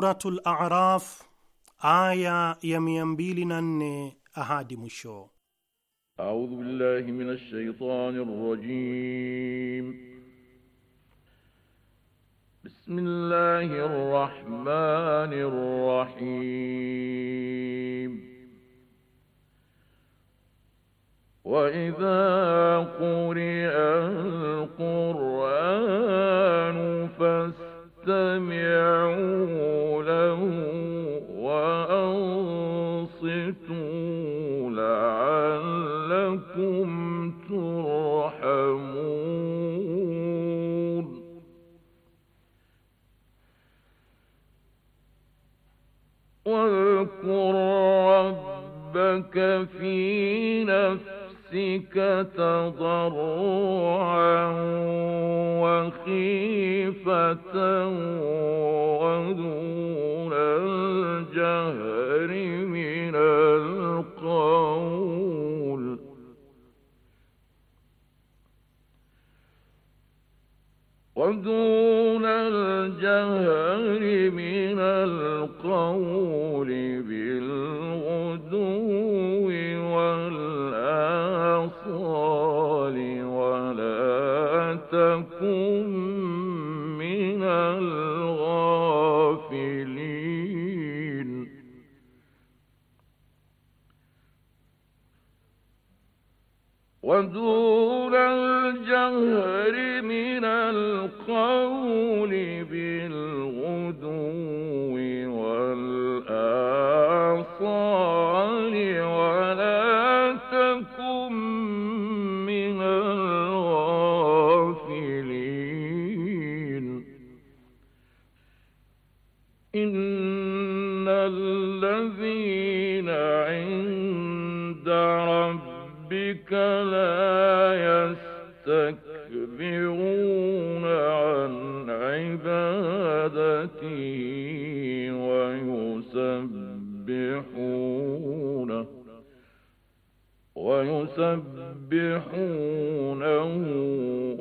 Suratul A'raf aya ya 204 hadi mwisho. A'udhu billahi minash shaitani rrajim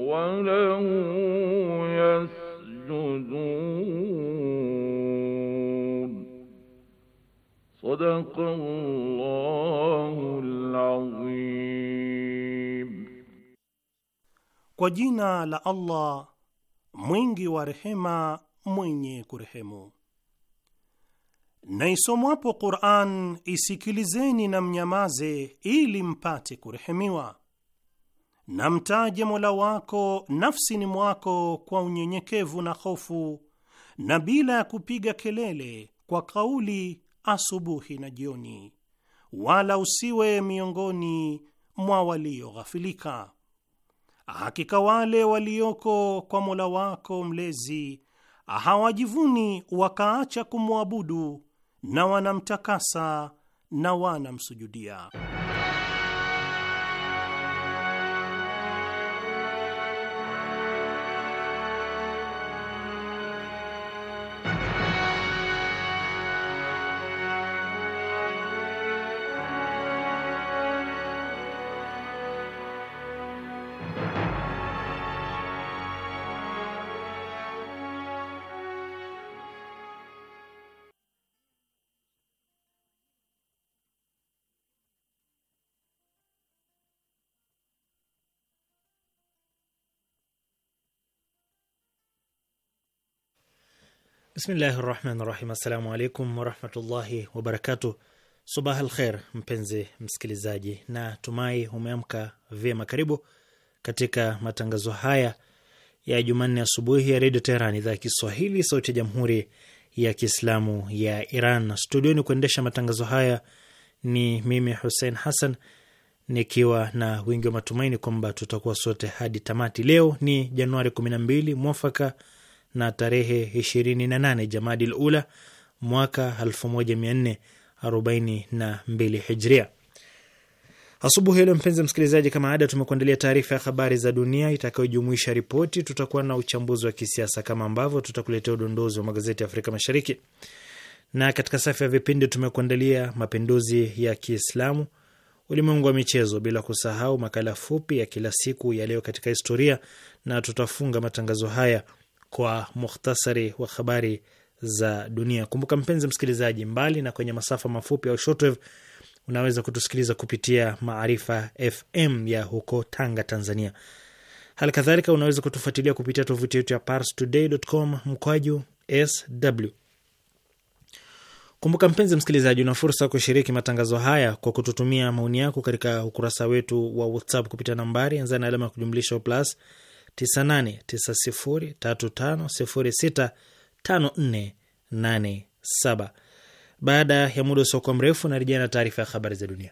Kwa jina la Allah mwingi wa rehema mwenye kurehemu. Na isomwapo Qur'an isikilizeni na mnyamaze, ili mpate kurehemiwa na mtaje Mola wako nafsini mwako kwa unyenyekevu na hofu na bila ya kupiga kelele, kwa kauli asubuhi na jioni, wala usiwe miongoni mwa walioghafilika. Hakika wale walioko kwa Mola wako mlezi hawajivuni wakaacha kumwabudu, na wanamtakasa na wanamsujudia. Bismillahi rahmani rahim. Assalamu alaikum warahmatullahi wabarakatuh. Subah alkher mpenzi msikilizaji, na tumai umeamka vyema. Karibu katika matangazo haya ya Jumanne asubuhi ya Redio Teheran, idhaa ya Kiswahili, sauti ya Jamhuri ya Kiislamu ya Iran. Studioni kuendesha matangazo haya ni mimi Hussein Hassan, nikiwa na wingi wa matumaini kwamba tutakuwa sote hadi tamati. Leo ni Januari 12 mwafaka na tarehe 28 Jamadi Lula mwaka 1442 Hijria. Asubuhi leo, mpenzi msikilizaji, kama ada, tumekuandalia taarifa ya habari za dunia itakayojumuisha ripoti. Tutakuwa na uchambuzi wa kisiasa kama ambavyo tutakuletea udondozi wa magazeti ya Afrika Mashariki, na katika safu ya vipindi tumekuandalia mapinduzi ya Kiislamu, ulimwengu wa michezo, bila kusahau makala fupi ya kila siku ya leo katika historia, na tutafunga matangazo haya kwa muhtasari wa habari za dunia. Kumbuka mpenzi msikilizaji, mbali na kwenye masafa mafupi au shortwave, unaweza kutusikiliza kupitia Maarifa FM ya huko Tanga, Tanzania. Hali kadhalika unaweza kutufuatilia kupitia tovuti yetu ya parstoday.com mkwaju sw. Kumbuka mpenzi msikilizaji, una fursa ya kushiriki matangazo haya kwa kututumia maoni yako katika ukurasa wetu wa WhatsApp kupitia nambari anza na alama ya kujumlisha plus 989035065487. Baada ya muda usiokuwa mrefu, narejea na taarifa ya habari za dunia.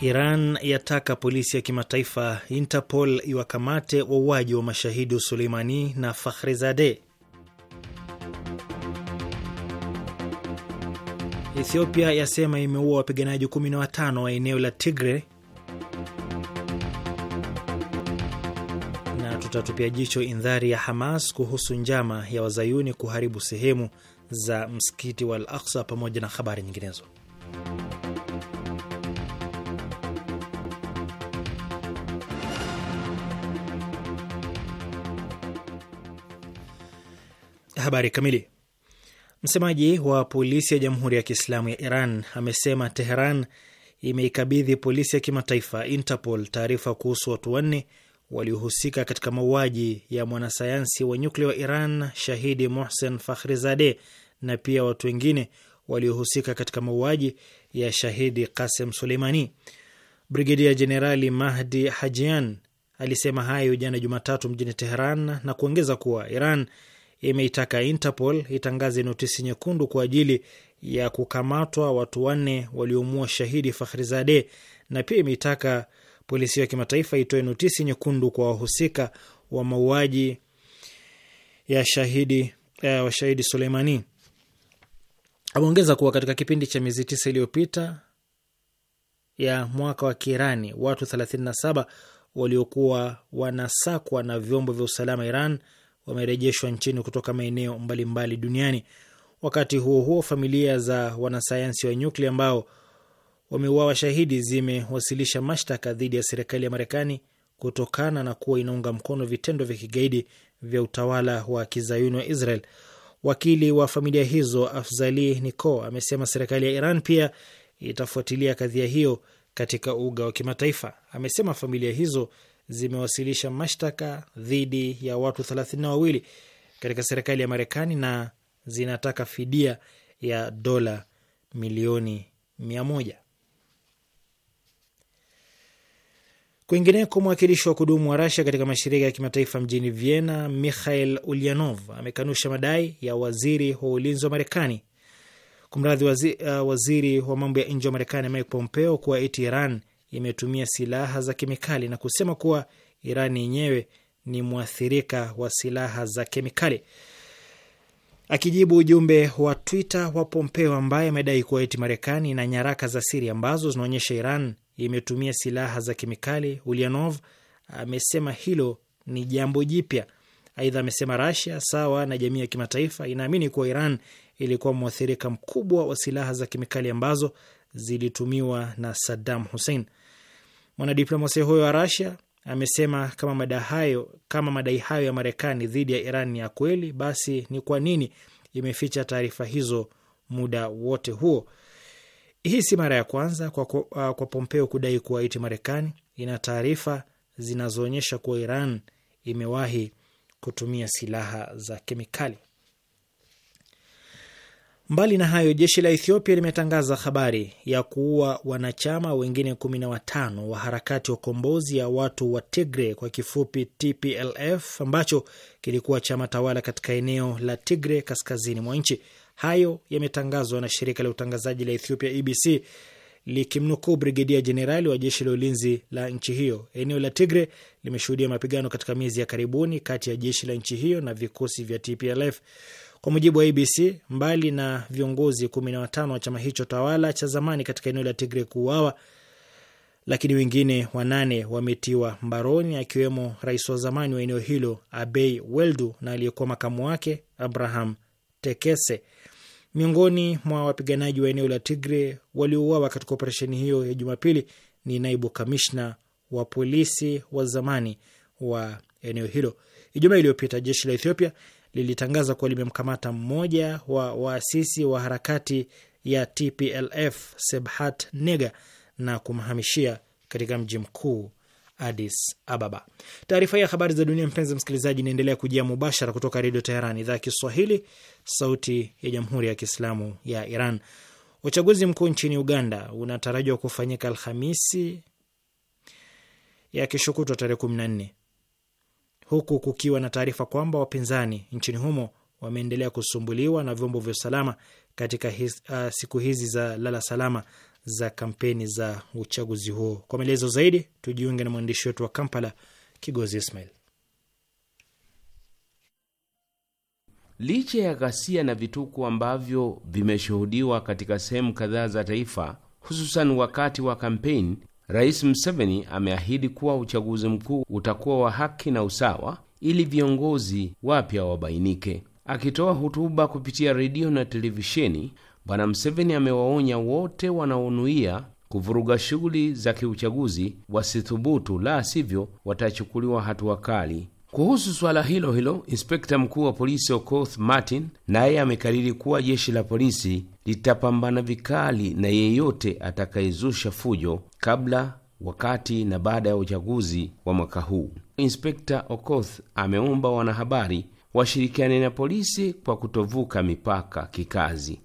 Iran yataka polisi ya kimataifa Interpol iwakamate wauaji wa mashahidi Suleimani na Fakhrizadeh. Ethiopia yasema imeua wapiganaji 15 wa eneo la Tigre. Na tutatupia jicho indhari ya Hamas kuhusu njama ya wazayuni kuharibu sehemu za msikiti wa Al Aksa pamoja na habari nyinginezo. Habari kamili. Msemaji wa polisi ya Jamhuri ya Kiislamu ya Iran amesema Teheran imeikabidhi polisi ya kimataifa Interpol taarifa kuhusu watu wanne waliohusika katika mauaji ya mwanasayansi wa nyuklia wa Iran shahidi Mohsen Fakhrizadeh na pia watu wengine waliohusika katika mauaji ya shahidi Qasem Suleimani. Brigedia Jenerali Mahdi Hajian alisema hayo jana Jumatatu mjini Teheran na kuongeza kuwa Iran imeitaka Interpol itangaze notisi nyekundu kwa ajili ya kukamatwa watu wanne waliomua shahidi Fakhrizade, na pia imeitaka polisi ya kimataifa itoe notisi nyekundu kwa wahusika wa mauaji ya shahidi eh, wa shahidi Suleimani. Ameongeza kuwa katika kipindi cha miezi tisa iliyopita ya mwaka wa Kiirani, watu 37 waliokuwa wanasakwa na vyombo vya usalama Iran wamerejeshwa nchini kutoka maeneo mbalimbali duniani. Wakati huo huo, familia za wanasayansi wa nyuklia ambao wameuawa shahidi zimewasilisha mashtaka dhidi ya serikali ya Marekani kutokana na kuwa inaunga mkono vitendo vya kigaidi vya utawala wa kizayuni wa Israel. Wakili wa familia hizo Afzali Nico amesema serikali ya Iran pia itafuatilia kadhia hiyo katika uga wa kimataifa. Amesema familia hizo zimewasilisha mashtaka dhidi ya watu thelathini na wawili katika serikali ya Marekani na zinataka fidia ya dola milioni mia moja. Kwingineko, mwakilishi wa kudumu wa Rasia katika mashirika ya kimataifa mjini Vienna, Mikhail Ulyanov amekanusha madai ya waziri wa ulinzi wa Marekani, kumradhi, waziri, uh, waziri wa mambo ya nje wa Marekani Mike Pompeo kuwa eti Iran imetumia silaha za kemikali na kusema kuwa Iran yenyewe ni mwathirika wa silaha za kemikali. Akijibu ujumbe wa Twitter wa Pompeo ambaye amedai kuwa eti Marekani na nyaraka za siri ambazo zinaonyesha Iran imetumia silaha za kemikali, Ulianov amesema hilo ni jambo jipya. Aidha amesema Rasia sawa na jamii ya kimataifa inaamini kuwa Iran ilikuwa mwathirika mkubwa wa silaha za kemikali ambazo zilitumiwa na Saddam Hussein. Mwanadiplomasia huyo wa Rasia amesema kama madai hayo kama madai hayo ya Marekani dhidi ya Iran ni ya kweli, basi ni kwa nini imeficha taarifa hizo muda wote huo? Hii si mara ya kwanza kwa, kwa, uh, kwa Pompeo kudai kuwa iti Marekani ina taarifa zinazoonyesha kuwa Iran imewahi kutumia silaha za kemikali. Mbali na hayo, jeshi la Ethiopia limetangaza habari ya kuua wanachama wengine 15 wa harakati ya ukombozi ya watu wa Tigre, kwa kifupi TPLF, ambacho kilikuwa chama tawala katika eneo la Tigre kaskazini mwa nchi. Hayo yametangazwa na shirika la utangazaji la Ethiopia EBC likimnukuu brigedia jenerali wa jeshi la ulinzi la nchi hiyo. Eneo la Tigre limeshuhudia mapigano katika miezi ya karibuni kati ya jeshi la nchi hiyo na vikosi vya TPLF. Kwa mujibu wa ABC, mbali na viongozi kumi na watano wa chama hicho tawala cha zamani katika eneo la Tigre kuuawa, lakini wengine wanane wametiwa mbaroni, akiwemo rais wa zamani wa eneo hilo Abei Weldu na aliyekuwa makamu wake Abraham Tekese. Miongoni mwa wapiganaji wa eneo la Tigre waliouawa katika operesheni hiyo ya Jumapili ni naibu kamishna wa polisi wa zamani wa eneo hilo. Ijumaa iliyopita jeshi la Ethiopia lilitangaza kuwa limemkamata mmoja wa waasisi wa harakati ya TPLF Sebhat Nega na kumhamishia katika mji mkuu adis Ababa. Taarifa ya habari za dunia, mpenzi msikilizaji, inaendelea kujia mubashara kutoka Redio Teheran, idhaa ya Kiswahili, sauti ya jamhuri ya kiislamu ya Iran. Uchaguzi mkuu nchini Uganda unatarajiwa kufanyika Alhamisi ya kishukutwa tarehe kumi na nne huku kukiwa na taarifa kwamba wapinzani nchini humo wameendelea kusumbuliwa na vyombo vya usalama katika his, uh, siku hizi za lala salama za kampeni za uchaguzi huo. Kwa maelezo zaidi, tujiunge na mwandishi wetu wa Kampala, Kigozi Ismail. Licha ya ghasia na vituko ambavyo vimeshuhudiwa katika sehemu kadhaa za taifa, hususan wakati wa kampeni, Rais Museveni ameahidi kuwa uchaguzi mkuu utakuwa wa haki na usawa ili viongozi wapya wabainike. Akitoa hotuba kupitia redio na televisheni, Bwana Museveni amewaonya wote wanaonuia kuvuruga shughuli za kiuchaguzi wasithubutu, la sivyo watachukuliwa hatua kali. Kuhusu suala hilo hilo, inspekta mkuu wa polisi Okoth Martin naye amekariri kuwa jeshi la polisi litapambana vikali na yeyote atakayezusha fujo kabla, wakati na baada ya uchaguzi wa mwaka huu. Inspekta Okoth ameomba wanahabari washirikiane na polisi kwa kutovuka mipaka kikazi.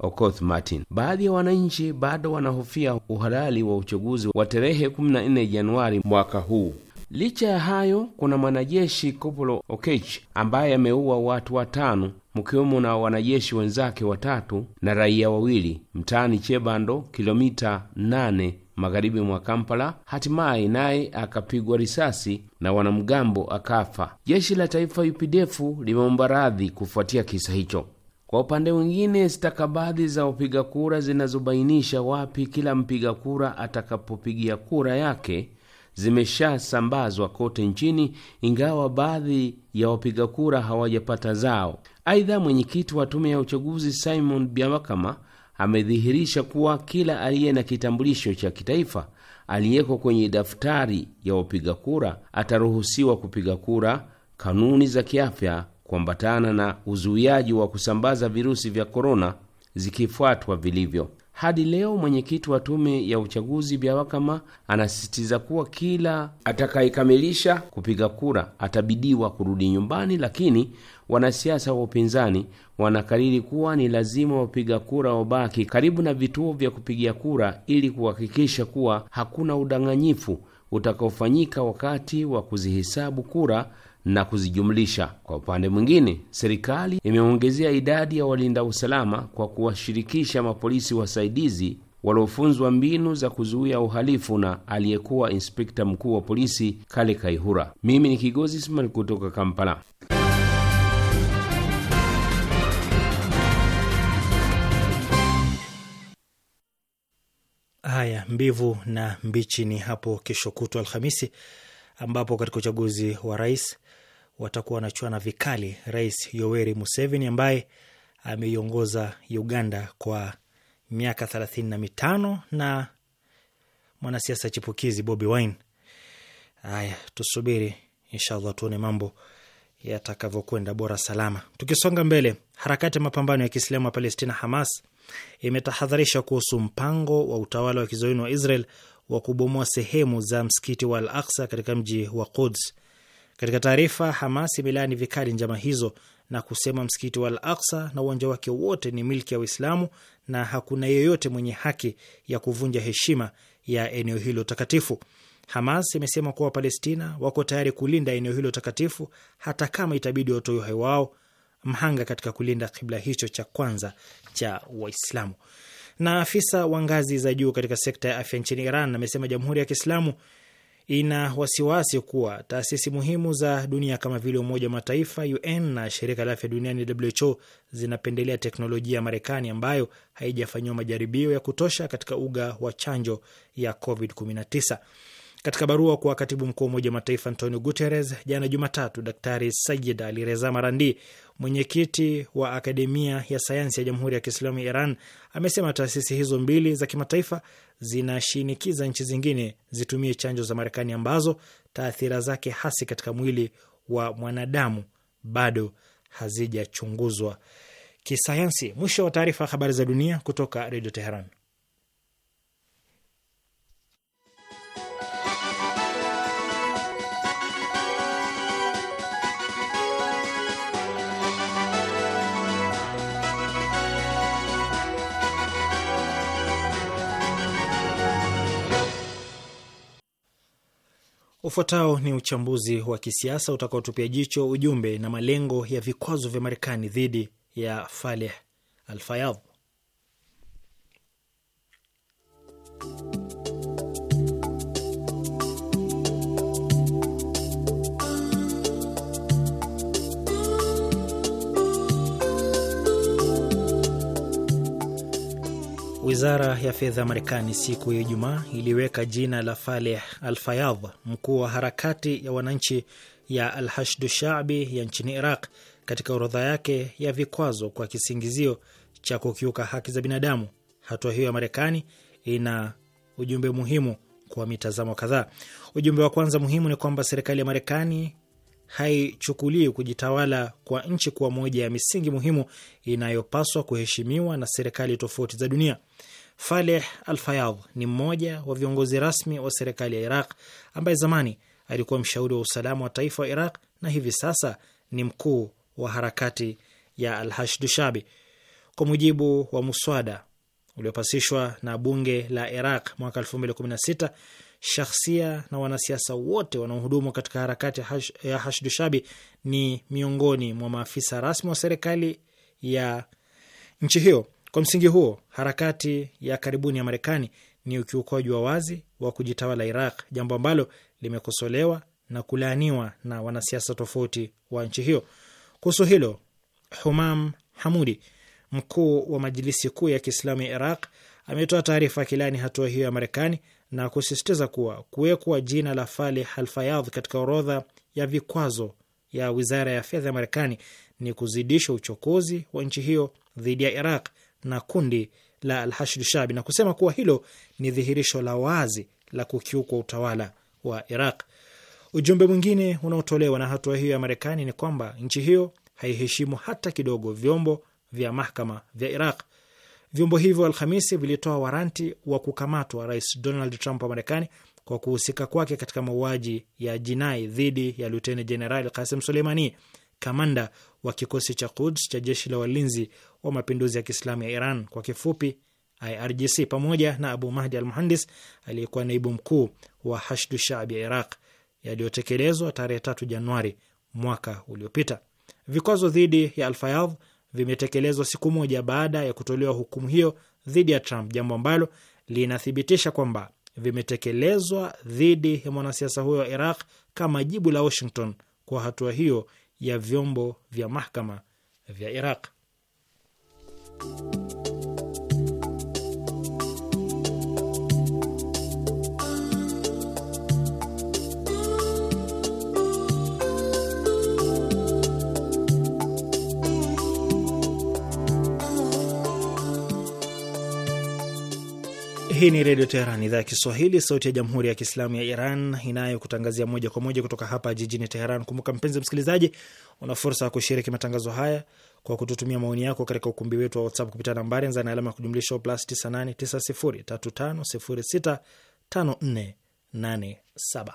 Okoth Martin. Baadhi ya wananchi bado wanahofia uhalali wa uchaguzi wa tarehe 14 Januari mwaka huu. Licha ya hayo, kuna mwanajeshi Kopolo Okech ambaye ameua watu watano mkiwemo na wanajeshi wenzake watatu na raia wawili mtaani Chebando, kilomita 8 magharibi mwa Kampala. Hatimaye naye akapigwa risasi na wanamgambo akafa. Jeshi la Taifa UPDF limeomba radhi kufuatia kisa hicho. Kwa upande mwingine, stakabadhi za wapiga kura zinazobainisha wapi kila mpiga kura atakapopigia kura yake zimeshasambazwa kote nchini, ingawa baadhi ya wapiga kura hawajapata zao. Aidha, mwenyekiti wa tume ya uchaguzi Simon Biawakama amedhihirisha kuwa kila aliye na kitambulisho cha kitaifa aliyeko kwenye daftari ya wapiga kura ataruhusiwa kupiga kura, kanuni za kiafya kuambatana na uzuiaji wa kusambaza virusi vya korona zikifuatwa vilivyo. Hadi leo mwenyekiti wa tume ya uchaguzi Byabakama anasisitiza kuwa kila atakayekamilisha kupiga kura atabidiwa kurudi nyumbani, lakini wanasiasa wa upinzani wanakariri kuwa ni lazima wapiga kura wabaki karibu na vituo vya kupigia kura ili kuhakikisha kuwa hakuna udanganyifu utakaofanyika wakati wa kuzihesabu kura na kuzijumlisha. Kwa upande mwingine, serikali imeongezea idadi ya walinda usalama kwa kuwashirikisha mapolisi wasaidizi waliofunzwa mbinu za kuzuia uhalifu na aliyekuwa inspekta mkuu wa polisi Kale Kaihura. Mimi ni Kigozi Ismail kutoka Kampala. Haya, mbivu na mbichi ni hapo kesho kutwa Alhamisi, ambapo katika uchaguzi wa rais watakuwa wanachuana vikali Rais Yoweri Museveni ambaye ameiongoza Uganda kwa miaka thelathini na mitano na mwanasiasa chipukizi Bobi Wine. Haya, tusubiri inshallah, tuone mambo yatakavyokwenda, bora salama. Tukisonga mbele, harakati ya mapambano ya Kiislamu ya Palestina Hamas imetahadharisha kuhusu mpango wa utawala wa kizayuni wa Israel wa kubomoa sehemu za msikiti wa Al Aksa katika mji wa Quds katika taarifa, Hamas imelaani vikali njama hizo na kusema msikiti wa Al Aksa na uwanja wake wote ni milki ya Waislamu na hakuna yeyote mwenye haki ya kuvunja heshima ya eneo hilo takatifu. Hamas imesema kuwa Wapalestina wako tayari kulinda eneo hilo takatifu hata kama itabidi watoe uhai wao mhanga katika kulinda kibla hicho cha kwanza cha Waislamu. Na afisa wa ngazi za juu katika sekta ya afya nchini Iran amesema Jamhuri ya Kiislamu ina wasiwasi kuwa taasisi muhimu za dunia kama vile Umoja wa Mataifa, UN na Shirika la Afya Duniani, WHO, zinapendelea teknolojia ya Marekani ambayo haijafanyiwa majaribio ya kutosha katika uga wa chanjo ya COVID-19. Katika barua kwa katibu mkuu wa Umoja wa Mataifa Antonio Guterres jana Jumatatu, Daktari Sayid Alireza Marandi, mwenyekiti wa Akademia ya Sayansi ya Jamhuri ya Kiislamu ya Iran, amesema taasisi hizo mbili za kimataifa zinashinikiza nchi zingine zitumie chanjo za Marekani ambazo taathira zake hasi katika mwili wa mwanadamu bado hazijachunguzwa kisayansi. Mwisho wa taarifa ya habari za dunia kutoka Redio Teheran. Ufuatao ni uchambuzi wa kisiasa utakaotupia jicho ujumbe na malengo ya vikwazo vya Marekani dhidi ya Faleh Alfayadh. Wizara ya fedha ya Marekani siku ya Ijumaa iliweka jina la Faleh fayadh mkuu wa harakati ya wananchi ya Alhashdu Shabi ya nchini Iraq, katika orodha yake ya vikwazo kwa kisingizio cha kukiuka haki za binadamu. Hatua hiyo ya Marekani ina ujumbe muhimu kwa mitazamo kadhaa. Ujumbe wa kwanza muhimu ni kwamba serikali ya Marekani haichukulii kujitawala kwa nchi kuwa moja ya misingi muhimu inayopaswa kuheshimiwa na serikali tofauti za dunia. Faleh al fayad ni mmoja wa viongozi rasmi wa serikali ya Iraq ambaye zamani alikuwa mshauri wa usalama wa taifa wa Iraq na hivi sasa ni mkuu wa harakati ya Al-Hashdu Shabi. Kwa mujibu wa muswada uliopasishwa na bunge la Iraq mwaka 2016 shahsia na wanasiasa wote wanaohudumu katika harakati ya Hashdu Shabi ni miongoni mwa maafisa rasmi wa serikali ya nchi hiyo. Kwa msingi huo, harakati ya karibuni ya Marekani ni ukiukoaji wa wazi wa kujitawala Iraq, jambo ambalo limekosolewa na kulaaniwa na wanasiasa tofauti wa nchi hiyo. Kuhusu hilo, Humam Hamudi, mkuu wa Majilisi Kuu ya Kiislamu ya Iraq, ametoa taarifa akilaani hatua hiyo ya Marekani na kusisitiza kuwa kuwekwa jina la fali alfayad katika orodha ya vikwazo ya wizara ya fedha ya Marekani ni kuzidisha uchokozi wa nchi hiyo dhidi ya Iraq na kundi la Alhashd Shabi na kusema kuwa hilo ni dhihirisho la wazi la kukiukwa utawala wa Iraq. Ujumbe mwingine unaotolewa na hatua hiyo ya Marekani ni kwamba nchi hiyo haiheshimu hata kidogo vyombo vya mahakama vya Iraq. Vyombo hivyo Alhamisi vilitoa waranti wa kukamatwa Rais Donald Trump wa Marekani kwa kuhusika kwake katika mauaji ya jinai dhidi ya Luteni Jenerali Kasim Suleimani, kamanda wa kikosi cha Quds cha jeshi la walinzi wa mapinduzi ya Kiislamu ya Iran, kwa kifupi IRGC, pamoja na Abu Mahdi al Muhandis aliyekuwa naibu mkuu wa Hashdu Shaabi ya Iraq, yaliyotekelezwa tarehe 3 Januari mwaka uliopita. Vikwazo dhidi ya Alfayadh vimetekelezwa siku moja baada ya kutolewa hukumu hiyo dhidi ya Trump, jambo ambalo linathibitisha kwamba vimetekelezwa dhidi ya mwanasiasa huyo wa Iraq kama jibu la Washington kwa hatua hiyo ya vyombo vya mahakama vya Iraq. Hii ni Redio Teheran, idhaa ya Kiswahili, sauti ya Jamhuri ya Kiislamu ya Iran inayokutangazia moja kwa moja kutoka hapa jijini Teheran. Kumbuka mpenzi msikilizaji, una fursa ya kushiriki matangazo haya kwa kututumia maoni yako katika ukumbi wetu wa WhatsApp kupitia nambari anza na alama ya kujumlisha plus 989035065487.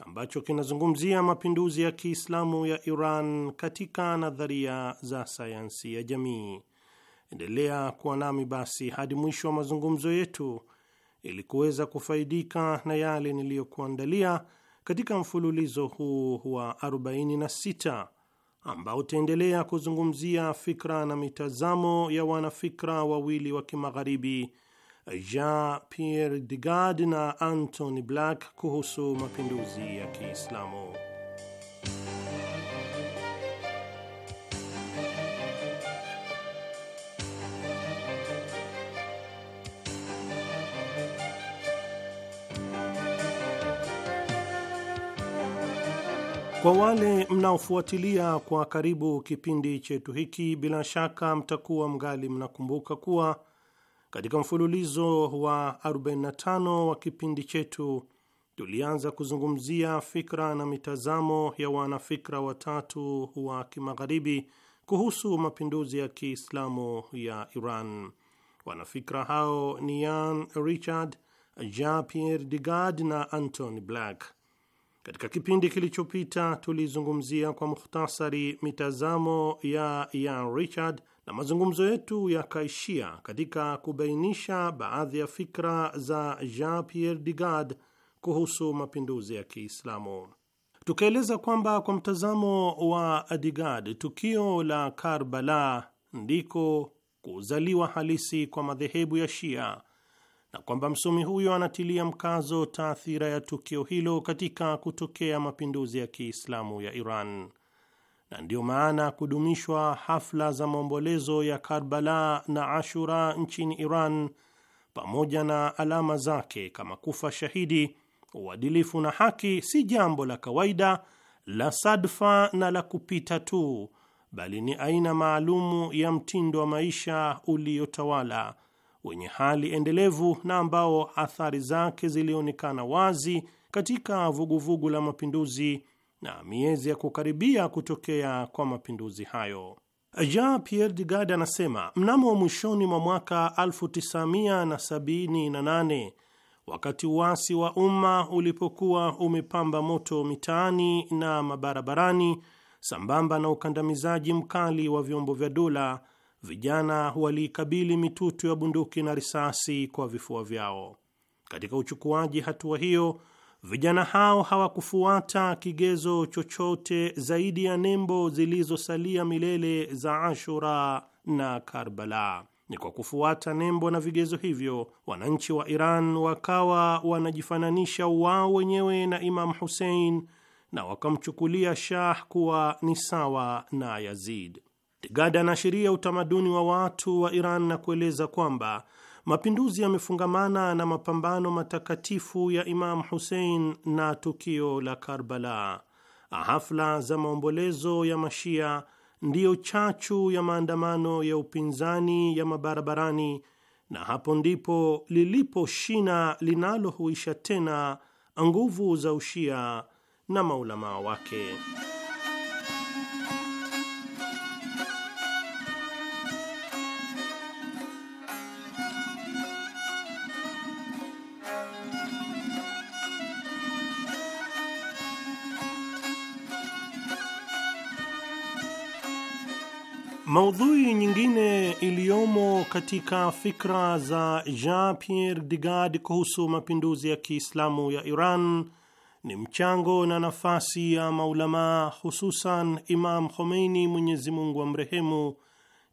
ambacho kinazungumzia mapinduzi ya Kiislamu ya Iran katika nadharia za sayansi ya jamii. Endelea kuwa nami basi hadi mwisho wa mazungumzo yetu ili kuweza kufaidika na yale niliyokuandalia katika mfululizo huu wa 46 ambao utaendelea kuzungumzia fikra na mitazamo ya wanafikra wawili wa kimagharibi Jean Pierre Degard na Anthony Black kuhusu mapinduzi ya Kiislamu. Kwa wale mnaofuatilia kwa karibu kipindi chetu hiki, bila shaka mtakuwa mgali mnakumbuka kuwa katika mfululizo wa 45 wa kipindi chetu tulianza kuzungumzia fikra na mitazamo ya wanafikra watatu wa kimagharibi kuhusu mapinduzi ya Kiislamu ya Iran. Wanafikra hao ni Yan Richard, Jean Pierre Degard na Antony Black. Katika kipindi kilichopita tulizungumzia kwa mukhtasari mitazamo ya Yan Richard na mazungumzo yetu yakaishia katika kubainisha baadhi ya fikra za Jean Pierre Digard kuhusu mapinduzi ya Kiislamu. Tukaeleza kwamba kwa mtazamo wa Adigad, tukio la Karbala ndiko kuzaliwa halisi kwa madhehebu ya Shia na kwamba msomi huyo anatilia mkazo taathira ya tukio hilo katika kutokea mapinduzi ya Kiislamu ya Iran na ndiyo maana kudumishwa hafla za maombolezo ya Karbala na Ashura nchini Iran pamoja na alama zake kama kufa shahidi, uadilifu na haki si jambo la kawaida la sadfa na la kupita tu, bali ni aina maalumu ya mtindo wa maisha uliotawala wenye hali endelevu na ambao athari zake zilionekana wazi katika vuguvugu la mapinduzi na miezi ya kukaribia kutokea kwa mapinduzi hayo. Jean Pierre de Gade anasema mnamo mwishoni mwa mwaka 1978 wakati uasi wa umma ulipokuwa umepamba moto mitaani na mabarabarani, sambamba na ukandamizaji mkali wa vyombo vya dola, vijana waliikabili mitutu ya bunduki na risasi kwa vifua vyao. Katika uchukuaji hatua hiyo Vijana hao hawakufuata kigezo chochote zaidi ya nembo zilizosalia milele za Ashura na Karbala. Ni kwa kufuata nembo na vigezo hivyo, wananchi wa Iran wakawa wanajifananisha wao wenyewe na Imamu husein na wakamchukulia Shah kuwa ni sawa na Yazid. Tigada anaashiria utamaduni wa watu wa Iran na kueleza kwamba Mapinduzi yamefungamana na mapambano matakatifu ya Imamu Husein na tukio la Karbala. Hafla za maombolezo ya Mashia ndiyo chachu ya maandamano ya upinzani ya mabarabarani, na hapo ndipo lilipo shina linalohuisha tena nguvu za ushia na maulamaa wake. Maudhui nyingine iliyomo katika fikra za Jean Pierre Digard kuhusu mapinduzi ya Kiislamu ya Iran ni mchango na nafasi ya maulamaa, hususan Imam Khomeini, Mwenyezi Mungu amrehemu,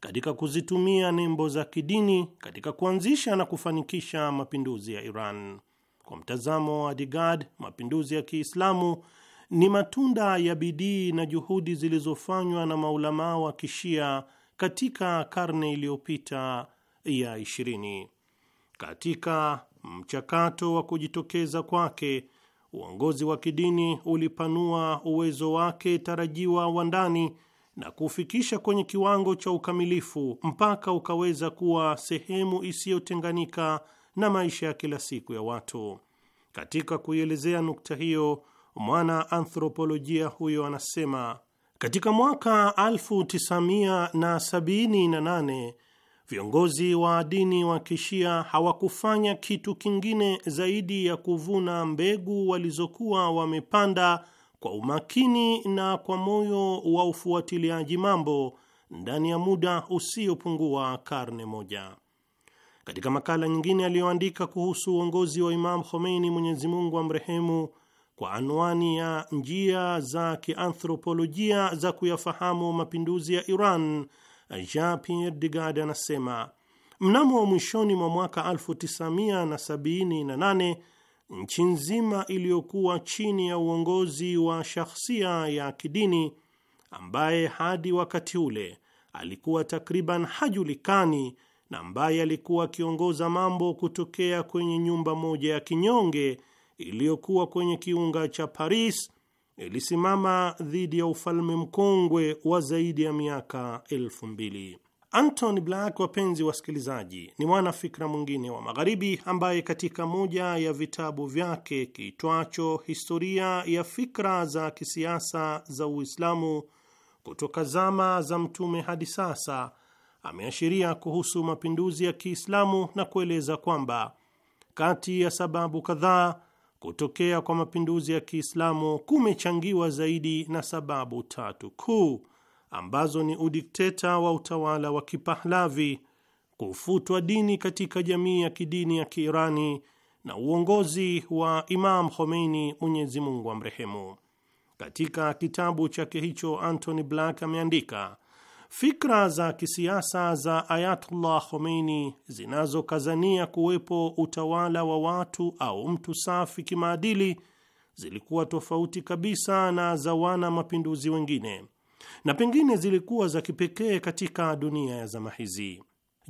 katika kuzitumia nembo za kidini katika kuanzisha na kufanikisha mapinduzi ya Iran. Kwa mtazamo wa Digard, mapinduzi ya Kiislamu ni matunda ya bidii na juhudi zilizofanywa na maulamaa wa kishia katika karne iliyopita ya ishirini. Katika mchakato wa kujitokeza kwake, uongozi wa kidini ulipanua uwezo wake tarajiwa wa ndani na kufikisha kwenye kiwango cha ukamilifu mpaka ukaweza kuwa sehemu isiyotenganika na maisha ya kila siku ya watu. Katika kuielezea nukta hiyo mwana anthropolojia huyo anasema katika mwaka 1978 viongozi wa dini wa Kishia hawakufanya kitu kingine zaidi ya kuvuna mbegu walizokuwa wamepanda kwa umakini na kwa moyo wa ufuatiliaji mambo ndani ya muda usiopungua karne moja. Katika makala nyingine aliyoandika kuhusu uongozi wa Imam Khomeini, Mwenyezi Mungu amrehemu, kwa anwani ya njia za kianthropolojia za kuyafahamu mapinduzi ya Iran, Jean Pierre de Degard anasema mnamo mwishoni mwa mwaka 1978 nchi nzima iliyokuwa chini ya uongozi wa shakhsia ya kidini ambaye hadi wakati ule alikuwa takriban hajulikani na ambaye alikuwa akiongoza mambo kutokea kwenye nyumba moja ya kinyonge iliyokuwa kwenye kiunga cha Paris ilisimama dhidi ya ufalme mkongwe wa zaidi ya miaka elfu mbili. Anton Black, wapenzi wasikilizaji, ni mwanafikra mwingine wa Magharibi ambaye katika moja ya vitabu vyake kiitwacho Historia ya Fikra za Kisiasa za Uislamu kutoka Zama za Mtume hadi Sasa ameashiria kuhusu mapinduzi ya Kiislamu na kueleza kwamba kati ya sababu kadhaa kutokea kwa mapinduzi ya Kiislamu kumechangiwa zaidi na sababu tatu kuu ambazo ni udikteta wa utawala wa Kipahlavi, kufutwa dini katika jamii ya kidini ya Kiirani na uongozi wa Imam Khomeini, Mwenyezi Mungu amrehemu. Katika kitabu chake hicho Anthony Black ameandika Fikra za kisiasa za Ayatullah Khomeini zinazokazania kuwepo utawala wa watu au mtu safi kimaadili zilikuwa tofauti kabisa na za wana mapinduzi wengine na pengine zilikuwa za kipekee katika dunia ya zama hizi.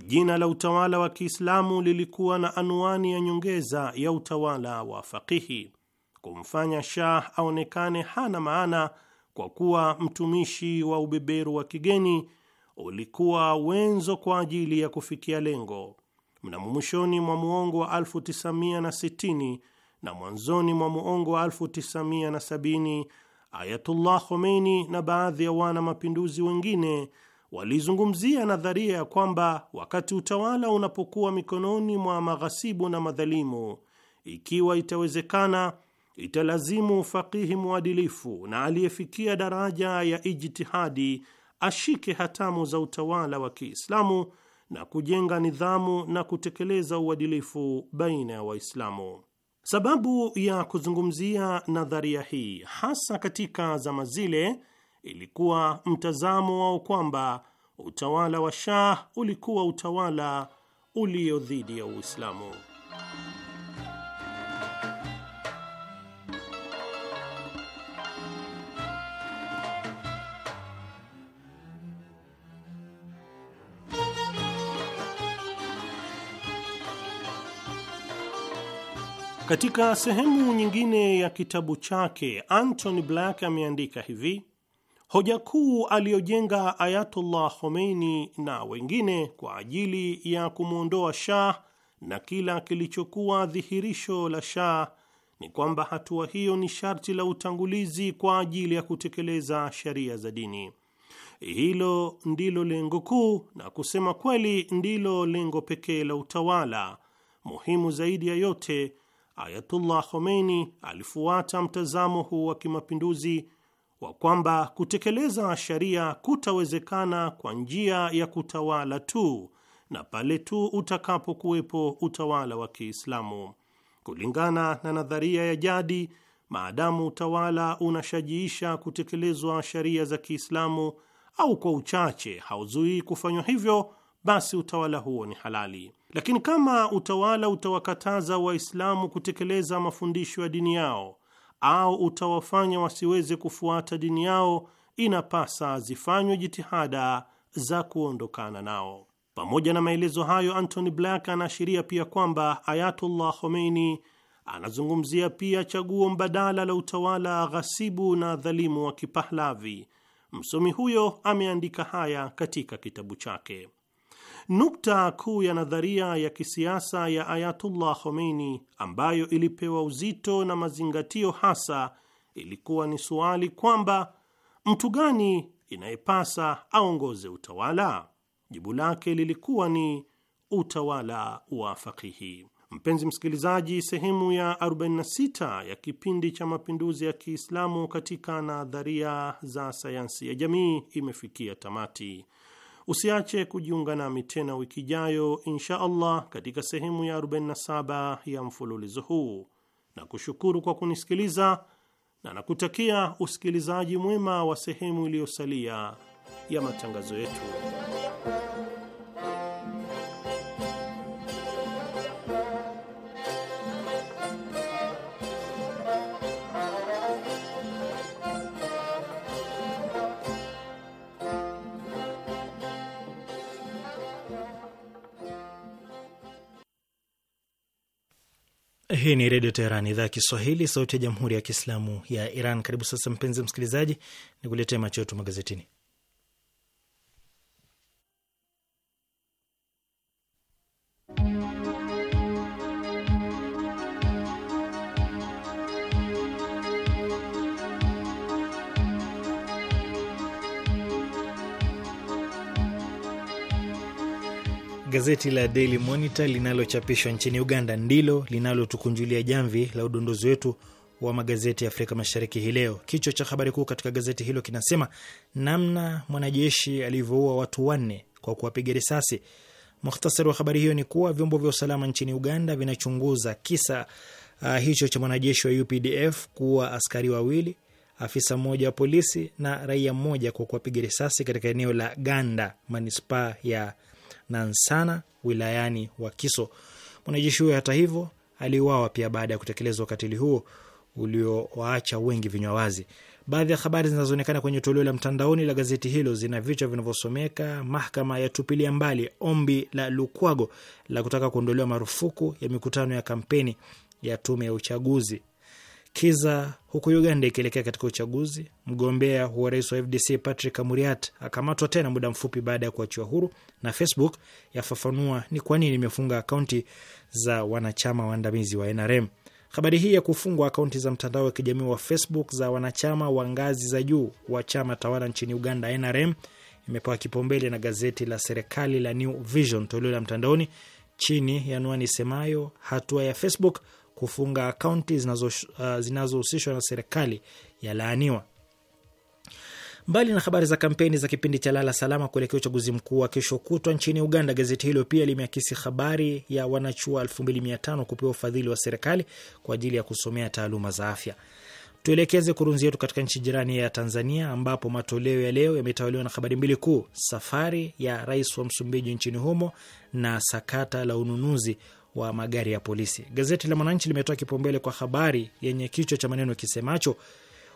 Jina la utawala wa Kiislamu lilikuwa na anwani ya nyongeza ya utawala wa fakihi, kumfanya Shah aonekane hana maana kwa kuwa mtumishi wa ubeberu wa kigeni ulikuwa wenzo kwa ajili ya kufikia lengo. Mnamo mwishoni mwa muongo wa 1960 na mwanzoni mwa muongo wa 1970 Ayatullah Khomeini na baadhi ya wana mapinduzi wengine walizungumzia nadharia ya kwamba wakati utawala unapokuwa mikononi mwa maghasibu na madhalimu, ikiwa itawezekana, italazimu fakihi mwadilifu na aliyefikia daraja ya ijtihadi ashike hatamu za utawala wa Kiislamu na kujenga nidhamu na kutekeleza uadilifu baina ya Waislamu. Sababu ya kuzungumzia nadharia hii hasa katika zama zile ilikuwa mtazamo wao kwamba utawala wa Shah ulikuwa utawala ulio dhidi ya Uislamu. Katika sehemu nyingine ya kitabu chake Anthony Black ameandika hivi: hoja kuu aliyojenga Ayatullah Khomeini na wengine kwa ajili ya kumwondoa Shah na kila kilichokuwa dhihirisho la Shah ni kwamba hatua hiyo ni sharti la utangulizi kwa ajili ya kutekeleza sheria za dini. Hilo ndilo lengo kuu, na kusema kweli, ndilo lengo pekee la utawala, muhimu zaidi ya yote Ayatullah Khomeini alifuata mtazamo huu wa kimapinduzi wa kwamba kutekeleza sharia kutawezekana kwa njia ya kutawala tu na pale tu utakapokuwepo utawala wa Kiislamu. Kulingana na nadharia ya jadi, maadamu utawala unashajiisha kutekelezwa sharia za Kiislamu au kwa uchache hauzuii kufanywa hivyo, basi utawala huo ni halali. Lakini kama utawala utawakataza Waislamu kutekeleza mafundisho ya dini yao au utawafanya wasiweze kufuata dini yao, inapasa zifanywe jitihada za kuondokana nao. Pamoja na maelezo hayo, Anthony Black anaashiria pia kwamba Ayatullah Khomeini anazungumzia pia chaguo mbadala la utawala ghasibu na dhalimu wa Kipahlavi. Msomi huyo ameandika haya katika kitabu chake. Nukta kuu ya nadharia ya kisiasa ya Ayatullah Khomeini ambayo ilipewa uzito na mazingatio hasa ilikuwa ni suali kwamba mtu gani inayepasa aongoze utawala. Jibu lake lilikuwa ni utawala wa fakihi. Mpenzi msikilizaji, sehemu ya 46 ya kipindi cha mapinduzi ya Kiislamu katika nadharia za sayansi ya jamii imefikia tamati. Usiache kujiunga nami tena wiki ijayo insha Allah katika sehemu ya 47 ya mfululizo huu, na kushukuru kwa kunisikiliza na nakutakia usikilizaji mwema wa sehemu iliyosalia ya matangazo yetu. Hii ni Redio Teheran, idhaa ya Kiswahili, sauti ya Jamhuri ya Kiislamu ya Iran. Karibu sasa, mpenzi msikilizaji, ni kuletea macho yetu magazetini. Gazeti la Daily Monitor linalochapishwa nchini Uganda ndilo linalotukunjulia jamvi la udondozi wetu wa magazeti ya Afrika Mashariki hii leo. Kichwa cha habari kuu katika gazeti hilo kinasema namna mwanajeshi alivyoua watu wanne kwa kuwapiga risasi. Muhtasari wa habari hiyo ni kuwa vyombo vya usalama nchini Uganda vinachunguza kisa uh, hicho cha mwanajeshi wa UPDF kuwa askari wawili, afisa mmoja wa polisi na raia mmoja kwa kuwapiga risasi katika eneo la Ganda, manispaa ya na Nsana wilayani Wakiso. Mwanajeshi huyo hata hivyo aliuawa pia baada ya kutekeleza ukatili huo uliowaacha wengi vinywa wazi. Baadhi ya habari zinazoonekana kwenye toleo la mtandaoni la gazeti hilo zina vichwa vinavyosomeka: mahakama yatupilia mbali ombi la Lukwago la kutaka kuondolewa marufuku ya mikutano ya kampeni ya tume ya uchaguzi Kiza huku Uganda ikielekea katika uchaguzi. Mgombea wa rais wa FDC Patrick Amuriat akamatwa tena muda mfupi baada ya kuachiwa huru, na Facebook yafafanua ni kwa nini imefunga akaunti za wanachama waandamizi wa NRM. Habari hii ya kufungwa akaunti za mtandao wa kijamii wa Facebook za wanachama wa ngazi za juu wa chama tawala nchini Uganda, NRM, imepewa kipaumbele na gazeti la serikali la New Vision toleo la mtandaoni chini ya anwani semayo hatua ya Facebook kufunga akaunti uh, zinazohusishwa uh, zinazo na serikali yalaaniwa. Mbali na habari za kampeni za kipindi cha lala salama kuelekea uchaguzi mkuu wa kesho kutwa nchini Uganda, gazeti hilo pia limeakisi habari ya wanachua 2500 kupewa ufadhili wa serikali kwa ajili ya kusomea taaluma za afya. Tuelekeze kurunzi yetu katika nchi jirani ya Tanzania, ambapo matoleo ya leo yametawaliwa na habari mbili kuu: safari ya rais wa Msumbiji nchini humo na sakata la ununuzi wa magari ya polisi. Gazeti la Mwananchi limetoa kipaumbele kwa habari yenye kichwa cha maneno kisemacho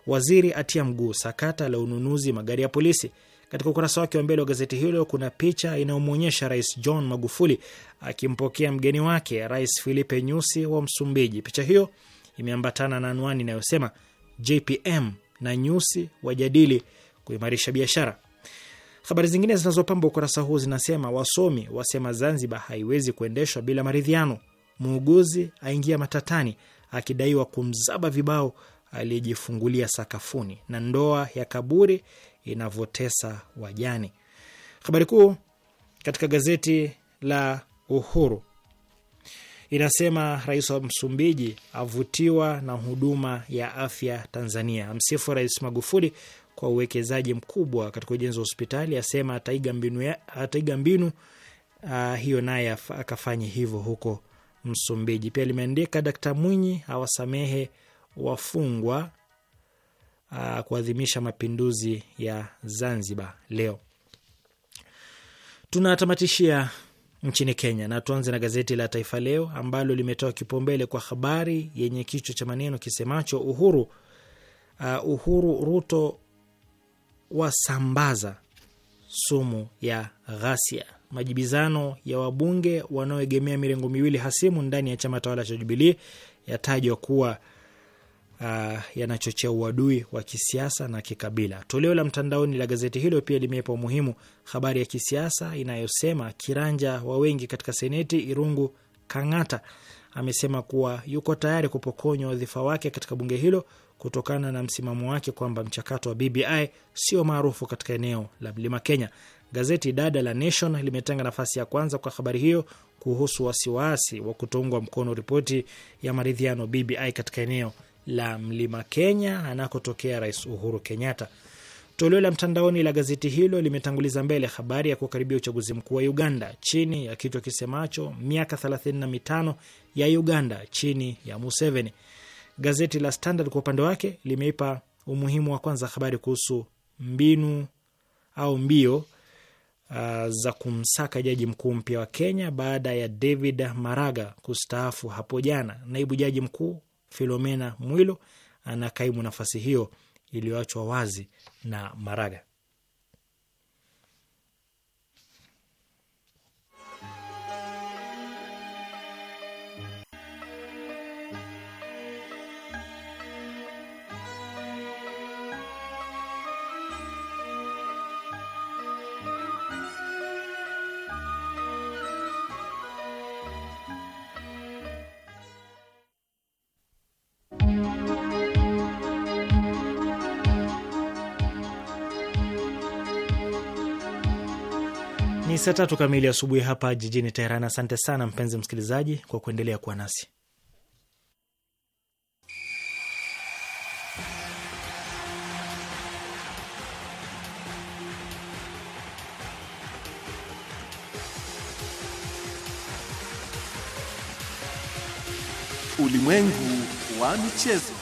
waziri atia mguu sakata la ununuzi magari ya polisi. Katika ukurasa wake wa mbele wa gazeti hilo kuna picha inayomwonyesha Rais John Magufuli akimpokea mgeni wake Rais Filipe Nyusi wa Msumbiji. Picha hiyo imeambatana na anwani inayosema JPM na Nyusi wajadili kuimarisha biashara. Habari zingine zinazopamba ukurasa huu zinasema wasomi wasema Zanzibar haiwezi kuendeshwa bila maridhiano, muuguzi aingia matatani akidaiwa kumzaba vibao aliyejifungulia sakafuni, na ndoa ya kaburi inavyotesa wajane. Habari kuu katika gazeti la Uhuru inasema rais wa Msumbiji avutiwa na huduma ya afya Tanzania, amsifu Rais Magufuli kwa uwekezaji mkubwa katika ujenzi wa hospitali, asema ataiga mbinu, ya, ataiga mbinu uh, hiyo naye akafanya hivyo huko Msumbiji. Pia limeandika Dkt Mwinyi awasamehe wafungwa uh, kuadhimisha mapinduzi ya Zanzibar leo. Tunatamatishia nchini Kenya na tuanze na gazeti la Taifa Leo ambalo limetoa kipaumbele kwa habari yenye kichwa cha maneno kisemacho uhuru uh, Uhuru Ruto wasambaza sumu ya ghasia. Majibizano ya wabunge wanaoegemea mirengo miwili hasimu ndani ya chama tawala cha jubilii yatajwa kuwa uh, yanachochea uadui wa kisiasa na kikabila. Toleo la mtandaoni la gazeti hilo pia limeipa umuhimu habari ya kisiasa inayosema kiranja wa wengi katika seneti Irungu Kang'ata amesema kuwa yuko tayari kupokonywa wadhifa wake katika bunge hilo kutokana na msimamo wake kwamba mchakato wa BBI sio maarufu katika eneo la mlima Kenya. Gazeti dada la Nation limetenga nafasi ya kwanza kwa habari hiyo kuhusu wasiwasi wa kutoungwa mkono ripoti ya maridhiano BBI katika eneo la mlima Kenya anakotokea Rais Uhuru Kenyatta. Toleo la mtandaoni la gazeti hilo limetanguliza mbele habari ya kukaribia uchaguzi mkuu wa Uganda chini ya kichwa kisemacho miaka 35 ya Uganda chini ya Museveni. Gazeti la Standard kwa upande wake limeipa umuhimu wa kwanza habari kuhusu mbinu au mbio uh, za kumsaka jaji mkuu mpya wa Kenya baada ya David Maraga kustaafu hapo jana. Naibu jaji mkuu Filomena Mwilo anakaimu nafasi hiyo iliyoachwa wazi na Maraga. Saa tatu kamili asubuhi hapa jijini Teheran. Asante sana mpenzi msikilizaji kwa kuendelea kuwa nasi. Ulimwengu wa michezo.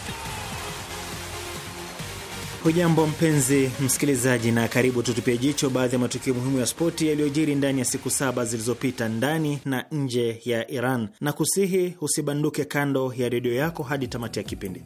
Hujambo mpenzi msikilizaji, na karibu. Tutupie jicho baadhi ya matukio muhimu ya spoti yaliyojiri ndani ya siku saba zilizopita ndani na nje ya Iran, na kusihi usibanduke kando ya redio yako hadi tamati ya kipindi.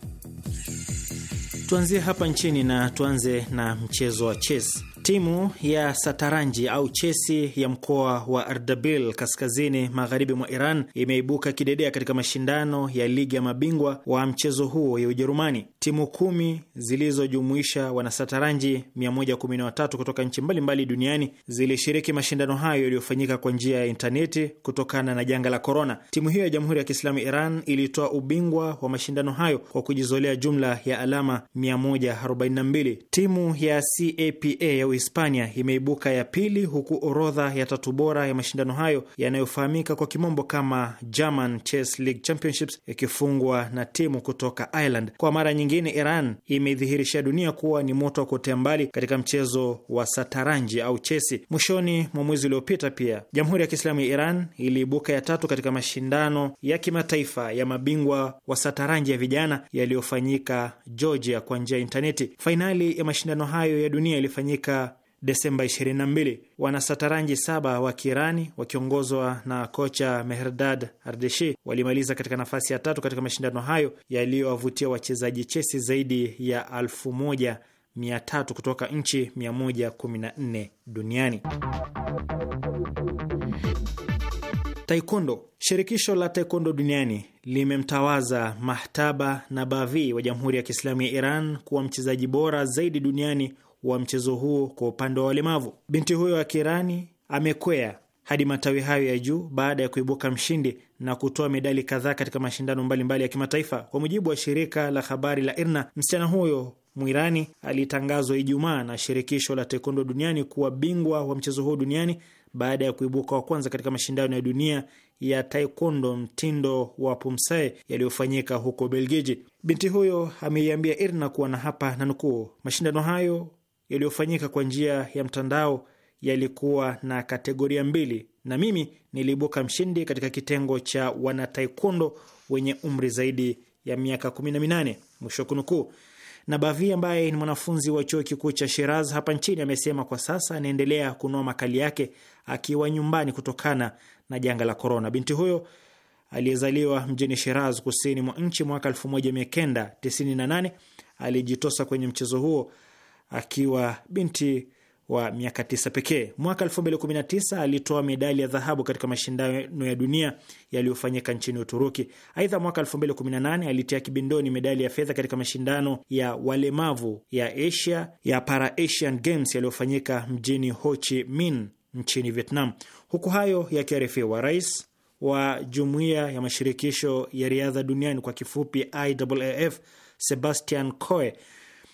Tuanzie hapa nchini na tuanze na mchezo wa chess. Timu ya sataranji au chesi ya mkoa wa Ardabil kaskazini magharibi mwa Iran imeibuka kidedea katika mashindano ya ligi ya mabingwa wa mchezo huo ya Ujerumani timu kumi zilizojumuisha wanasataranji 113 kutoka nchi mbalimbali duniani zilishiriki mashindano hayo yaliyofanyika kwa njia ya intaneti kutokana na janga la korona. Timu hiyo ya Jamhuri ya Kiislamu Iran ilitoa ubingwa wa mashindano hayo kwa kujizolea jumla ya alama 142. Timu ya Capa ya Uhispania imeibuka ya pili, huku orodha ya tatu bora ya mashindano hayo yanayofahamika kwa kimombo kama German Chess League Championships ikifungwa na timu kutoka Ireland kwa mara nyingi nyingine, Iran imeidhihirisha dunia kuwa ni moto wa kotea mbali katika mchezo wa sataranji au chesi. Mwishoni mwa mwezi uliopita pia Jamhuri ya Kiislamu ya Iran iliibuka ya tatu katika mashindano ya kimataifa ya mabingwa wa sataranji ya vijana yaliyofanyika Georgia kwa njia ya intaneti. Fainali ya mashindano hayo ya dunia ilifanyika Desemba 22. Wanasataranji saba wa Kiirani wakiongozwa na kocha Mehrdad Ardeshi walimaliza katika nafasi ya tatu katika mashindano hayo yaliyowavutia wachezaji chesi zaidi ya 13 kutoka nchi 114 duniani. Taekwondo. Shirikisho la taekwondo duniani limemtawaza Mahtaba Nabavi wa Jamhuri ya Kiislamu ya Iran kuwa mchezaji bora zaidi duniani wa mchezo huo kwa upande wa walemavu. Binti huyo wa Kirani amekwea hadi matawi hayo ya juu baada ya kuibuka mshindi na kutoa medali kadhaa katika mashindano mbalimbali mbali ya kimataifa. Kwa mujibu wa shirika la habari la IRNA, msichana huyo Mwirani alitangazwa Ijumaa na shirikisho la taekwondo duniani kuwa bingwa wa mchezo huo duniani baada ya kuibuka wa kwanza katika mashindano ya dunia ya taekwondo mtindo wa pumsae yaliyofanyika huko Belgiji. Binti huyo ameiambia IRNA kuwa na hapa na nukuu, mashindano hayo yaliyofanyika kwa njia ya mtandao yalikuwa na kategoria mbili, na mimi niliibuka mshindi katika kitengo cha wanataekwondo wenye umri zaidi ya miaka kumi na minane, mwisho kunukuu. Na Bavi ambaye ni mwanafunzi wa chuo kikuu cha Shiraz hapa nchini amesema kwa sasa anaendelea kunoa makali yake akiwa nyumbani kutokana na janga la korona. Binti huyo aliyezaliwa mjini Shiraz kusini mwa nchi mwaka 1998 alijitosa kwenye mchezo huo akiwa binti wa miaka 9 pekee. Mwaka 2019 alitoa medali ya dhahabu katika mashindano ya dunia yaliyofanyika nchini Uturuki. Aidha, mwaka 2018 alitia kibindoni medali ya fedha katika mashindano ya walemavu ya Asia ya Para Asian Games yaliyofanyika mjini Ho Chi Minh nchini Vietnam. Huku hayo yakiarifiwa, rais wa jumuiya ya mashirikisho ya riadha duniani kwa kifupi IAAF Sebastian Coe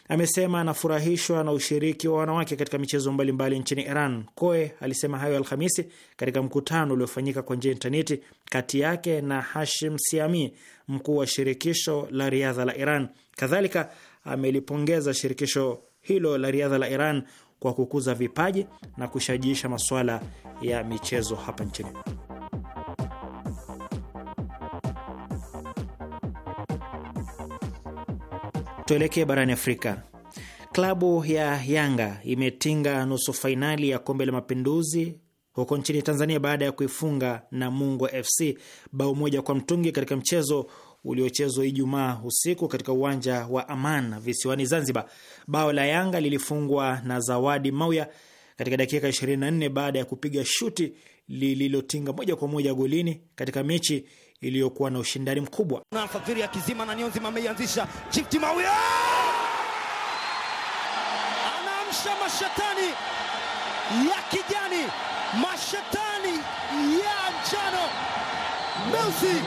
amesema anafurahishwa na ushiriki wa wanawake katika michezo mbalimbali nchini Iran. Koe alisema hayo Alhamisi katika mkutano uliofanyika kwa njia ya intaneti kati yake na Hashim Siami, mkuu wa shirikisho la riadha la Iran. Kadhalika amelipongeza shirikisho hilo la riadha la Iran kwa kukuza vipaji na kushajiisha masuala ya michezo hapa nchini. Tuelekee barani Afrika. Klabu ya Yanga imetinga nusu fainali ya Kombe la Mapinduzi huko nchini Tanzania baada ya kuifunga Namungo FC bao moja kwa mtungi katika mchezo uliochezwa Ijumaa usiku katika uwanja wa Aman visiwani Zanzibar. Bao la Yanga lilifungwa na Zawadi Mauya katika dakika 24 baada ya kupiga shuti lililotinga moja kwa moja golini katika mechi iliyokuwa na ushindani mkubwa. Alfadhili kizima na Nionzi ameianzisha Chifti Mauya anamsha mashetani ya kijani, mashetani ya njano meusi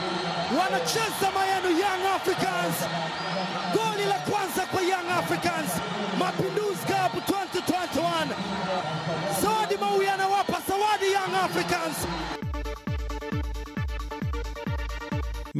wanacheza mayenu Young Africans. Goli la kwanza kwa Young Africans, Mapinduzi Cup 2021. Zawadi Mauya anawapa zawadi Young Africans.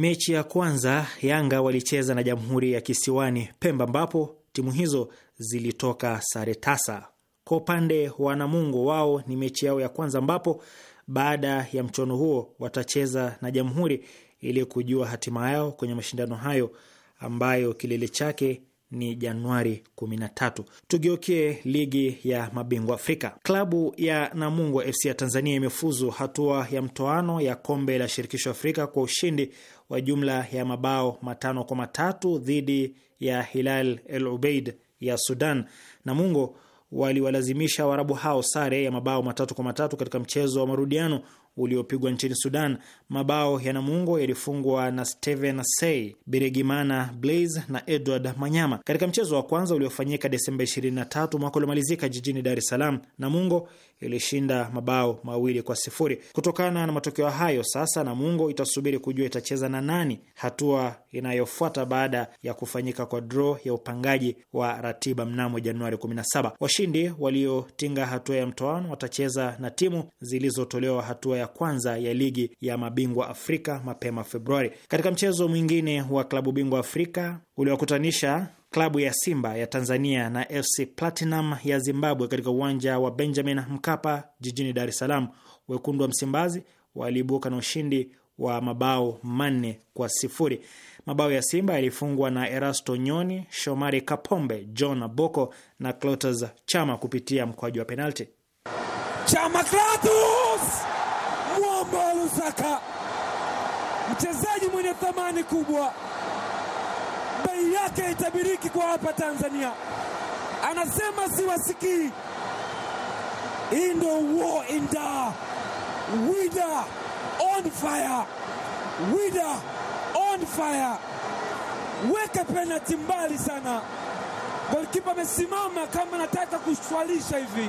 Mechi ya kwanza Yanga walicheza na Jamhuri ya Kisiwani Pemba, ambapo timu hizo zilitoka sare tasa. Kwa upande wa Namungo, wao ni mechi yao ya kwanza, ambapo baada ya mchuano huo watacheza na Jamhuri ili kujua hatima yao kwenye mashindano hayo ambayo kilele chake ni Januari 13. Tugeukie ligi ya mabingwa Afrika. Klabu ya Namungo FC ya Tanzania imefuzu hatua ya mtoano ya kombe la shirikisho Afrika kwa ushindi wa jumla ya mabao matano kwa matatu dhidi ya Hilal El Ubeid ya Sudan, na Mungo waliwalazimisha Waarabu hao sare ya mabao matatu kwa matatu katika mchezo wa marudiano uliopigwa nchini Sudan. Mabao ya Namungo yalifungwa na Steven Sey, Biregimana Blaze na Edward Manyama. Katika mchezo wa kwanza uliofanyika Desemba 23 mwaka uliomalizika jijini Dar es Salaam, Namungo ilishinda mabao mawili kwa sifuri. Kutokana na matokeo hayo, sasa Namungo itasubiri kujua itacheza na nani hatua inayofuata baada ya kufanyika kwa dr ya upangaji wa ratiba mnamo Januari 17. Washindi waliotinga hatua ya mtoano watacheza na timu zilizotolewa hatua ya kwanza ya ligi ya mabingwa Afrika mapema Februari. Katika mchezo mwingine wa klabu bingwa Afrika uliwakutanisha klabu ya Simba ya Tanzania na FC Platinum ya Zimbabwe katika uwanja wa Benjamin Mkapa jijini Dar es Salaam, wekundu wa Msimbazi waliibuka na ushindi wa mabao manne kwa sifuri. Mabao ya Simba yalifungwa na Erasto Nyoni, Shomari Kapombe, John Boko na Clotus Chama kupitia mkwaju wa penalti. Chama Clotus Mwombo Lusaka, mchezaji mwenye thamani kubwa bei yake itabiriki kwa hapa Tanzania. Anasema siwasikii. Hii ndio war WIDA on fire, WIDA on fire. Weka penati mbali sana, golikipa amesimama kama anataka kuswalisha hivi.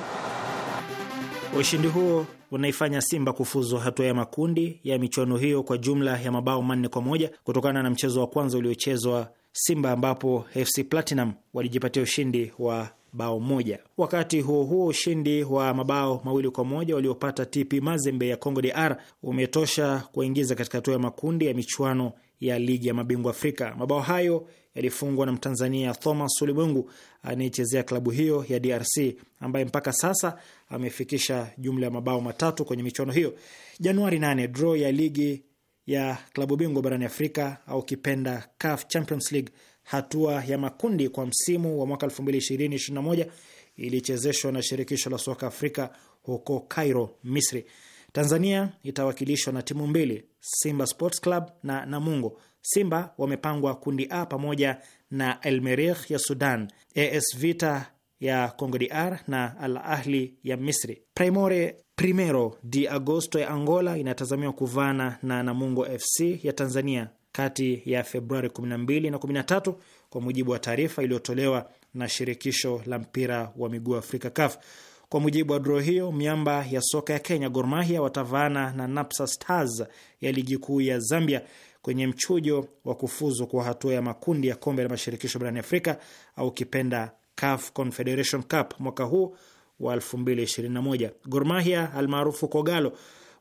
Ushindi huo unaifanya Simba kufuzu hatua ya makundi ya michuano hiyo kwa jumla ya mabao manne kwa moja kutokana na mchezo wa kwanza uliochezwa Simba ambapo FC Platinum walijipatia ushindi wa bao moja. Wakati huo huo, ushindi wa mabao mawili kwa moja waliopata TP Mazembe ya Congo DR umetosha kuingiza katika hatua ya makundi ya michuano ya ligi ya mabingwa Afrika. Mabao hayo yalifungwa na Mtanzania Thomas Ulimwengu anayechezea klabu hiyo ya DRC ambaye mpaka sasa amefikisha jumla ya mabao matatu kwenye michuano hiyo. Januari 8 draw ya ligi ya klabu bingwa barani Afrika au kipenda CAF Champions League hatua ya makundi kwa msimu wa mwaka 2020-2021 ilichezeshwa na shirikisho la soka Afrika huko Cairo, Misri. Tanzania itawakilishwa na timu mbili, Simba Sports Club na Namungo. Simba wamepangwa kundi A pamoja na Elmerih ya Sudan, AS Vita ya Congo DR na Al Ahli ya Misri. Primore Primero de Agosto ya Angola inatazamiwa kuvana na Namungo FC ya Tanzania kati ya Februari 12 na 13 kwa mujibu wa taarifa iliyotolewa na shirikisho la mpira wa miguu Afrika CAF. Kwa mujibu wa dro hiyo, miamba ya soka ya Kenya Gor Mahia watavaana na Napsa Stars ya ligi kuu ya Zambia kwenye mchujo wa kufuzu kwa hatua ya makundi ya kombe la mashirikisho barani Afrika au kipenda CAF Confederation Cup mwaka huu wa 2021. Gor Mahia almaarufu Kogalo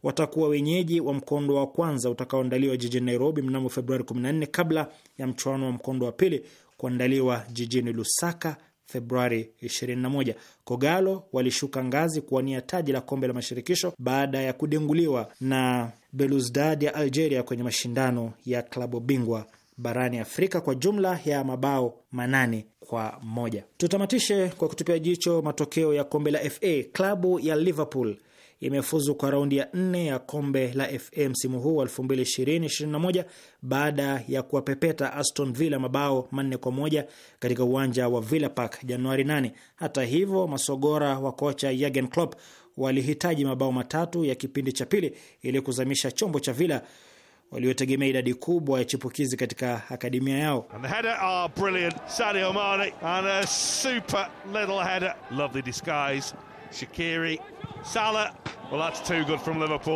watakuwa wenyeji wa mkondo wa kwanza utakaoandaliwa jijini Nairobi mnamo Februari 14 kabla ya mchuano wa mkondo wa pili kuandaliwa jijini Lusaka Februari 21. Kogalo walishuka ngazi kuwania taji la kombe la mashirikisho baada ya kudinguliwa na Belouizdad ya Algeria kwenye mashindano ya klabu bingwa barani Afrika kwa jumla ya mabao manane kwa moja. Tutamatishe kwa kutupia jicho matokeo ya kombe la FA. Klabu ya Liverpool imefuzu kwa raundi ya nne ya kombe la FA msimu huu wa 2020/21 baada ya kuwapepeta Aston Villa mabao manne kwa moja katika uwanja wa Villa Park Januari 8. Hata hivyo, masogora wa kocha Jurgen Klopp walihitaji mabao matatu ya kipindi cha pili ili kuzamisha chombo cha Villa waliotegemea idadi kubwa ya chipukizi katika akademia yao. Ah,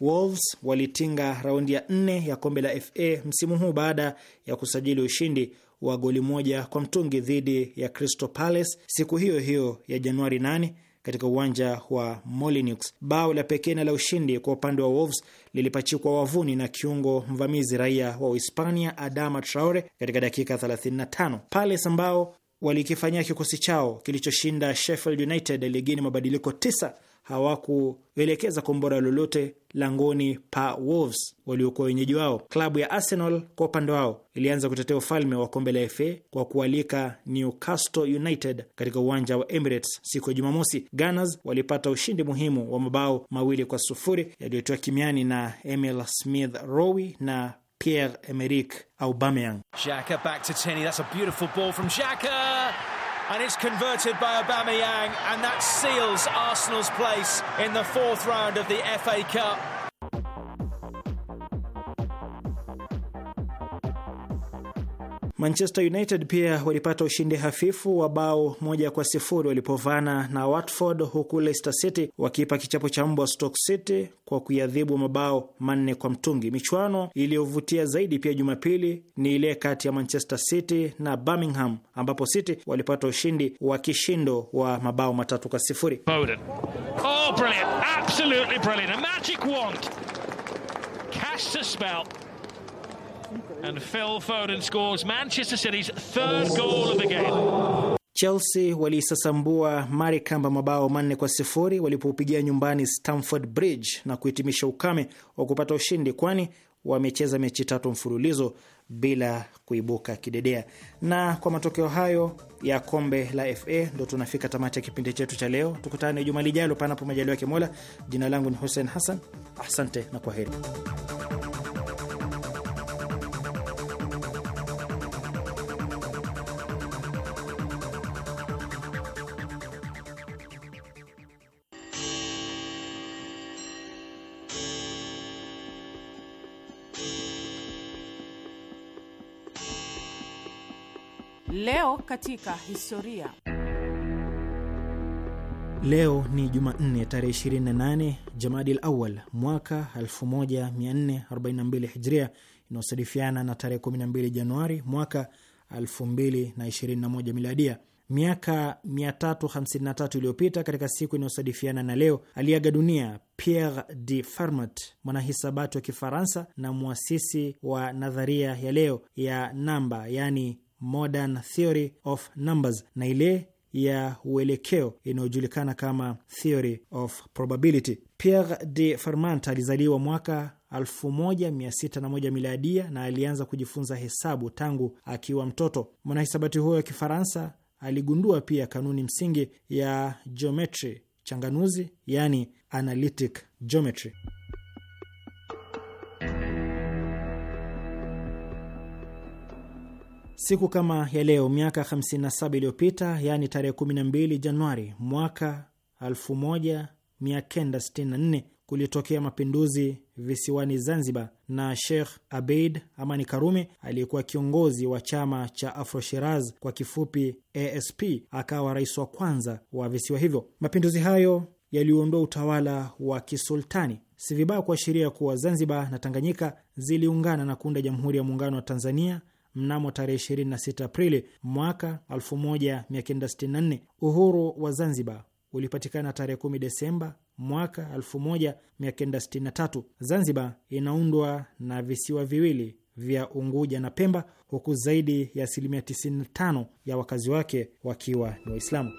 Wolves walitinga raundi ya nne ya kombe la FA msimu huu baada ya kusajili ushindi wa goli moja kwa mtungi dhidi ya Crystal Palace siku hiyo hiyo ya Januari 8 katika uwanja wa Molineux. Bao la pekee na la ushindi kwa upande wa Wolves lilipachikwa wavuni na kiungo mvamizi raia wa Uhispania Adama Traore katika dakika 35. Palace ambao walikifanyia kikosi chao kilichoshinda Sheffield United ligini mabadiliko tisa hawakuelekeza kombora lolote langoni pa Wolves waliokuwa wenyeji wao. Klabu ya Arsenal kwa upande wao ilianza kutetea ufalme wa kombe la FA kwa kualika Newcastle United katika uwanja wa Emirates siku ya Jumamosi. Gunners walipata ushindi muhimu wa mabao mawili kwa sufuri yaliyotiwa kimiani na Emil Smith Rowe na Pierre Emerick Aubameyang. Xhaka back to Tierney, that's a beautiful ball from Xhaka. and it's converted by Aubameyang, and that seals Arsenal's place in the fourth round of the FA Cup. Manchester United pia walipata ushindi hafifu wa bao moja kwa sifuri walipovana na Watford, huku Leicester City wakiipa kichapo cha mbwa Stoke City kwa kuiadhibu mabao manne kwa mtungi. Michuano iliyovutia zaidi pia Jumapili ni ile kati ya Manchester City na Birmingham, ambapo City walipata ushindi wa kishindo wa mabao matatu kwa sifuri. Oh, brilliant. Absolutely brilliant. A magic wand. Cast a spell. And Phil Foden scores Manchester City's third goal of the game. Chelsea waliisasambua Marikamba mabao manne kwa sifuri walipoupigia nyumbani Stamford Bridge na kuhitimisha ukame wa kupata ushindi, kwani wamecheza mechi tatu mfululizo bila kuibuka kidedea. Na kwa matokeo hayo ya kombe la FA ndo tunafika tamati ya kipindi chetu cha leo. Tukutane juma lijalo, panapo majaliwa ya Mola. Jina langu ni Hussein Hassan, asante na kwa heri. Leo katika historia. Leo ni Jumanne tarehe 28 Jamadil Awal mwaka 1442 Hijria, inayosadifiana na tarehe 12 Januari mwaka 2021 Miladia. Miaka 353 iliyopita katika siku inayosadifiana na leo aliaga dunia Pierre de Fermat, mwanahisabati wa Kifaransa na mwasisi wa nadharia ya leo ya namba, yaani Modern Theory of Numbers na ile ya uelekeo inayojulikana kama Theory of Probability. Pierre de Fermat alizaliwa mwaka 1601 miladia na alianza kujifunza hesabu tangu akiwa mtoto. Mwanahisabati huyo wa Kifaransa aligundua pia kanuni msingi ya geometry changanuzi, yani analytic geometry. Siku kama ya leo miaka 57 iliyopita, yaani tarehe 12 Januari mwaka 1964 kulitokea mapinduzi visiwani Zanzibar, na Sheikh Abeid Amani Karume aliyekuwa kiongozi wa chama cha Afro Shiraz kwa kifupi ASP akawa rais wa kwanza wa visiwa hivyo. Mapinduzi hayo yaliondoa utawala wa kisultani. Si vibaya kuashiria kuwa Zanzibar na Tanganyika ziliungana na kuunda Jamhuri ya Muungano wa Tanzania mnamo tarehe 26 Aprili mwaka 1964. Uhuru wa Zanzibar ulipatikana tarehe 10 Desemba mwaka 1963. Zanzibar inaundwa na visiwa viwili vya Unguja na Pemba, huku zaidi ya asilimia 95 ya wakazi wake wakiwa ni Waislamu.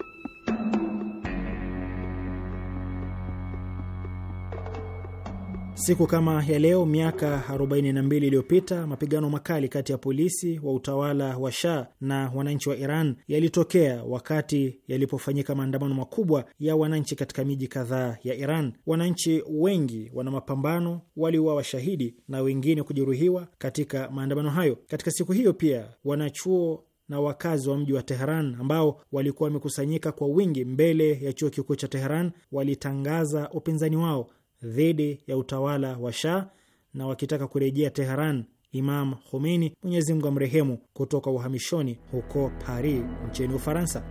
Siku kama ya leo miaka 42 iliyopita mapigano makali kati ya polisi wa utawala wa Shah na wananchi wa Iran yalitokea wakati yalipofanyika maandamano makubwa ya wananchi katika miji kadhaa ya Iran. Wananchi wengi wana mapambano waliuawa washahidi na wengine kujeruhiwa katika maandamano hayo. Katika siku hiyo pia wanachuo na wakazi wa mji wa Teheran ambao walikuwa wamekusanyika kwa wingi mbele ya chuo kikuu cha Teheran walitangaza upinzani wao dhidi ya utawala wa Shah na wakitaka kurejea Teheran Imam Khomeini, Mwenyezi Mungu amrehemu, kutoka uhamishoni huko Paris nchini Ufaransa.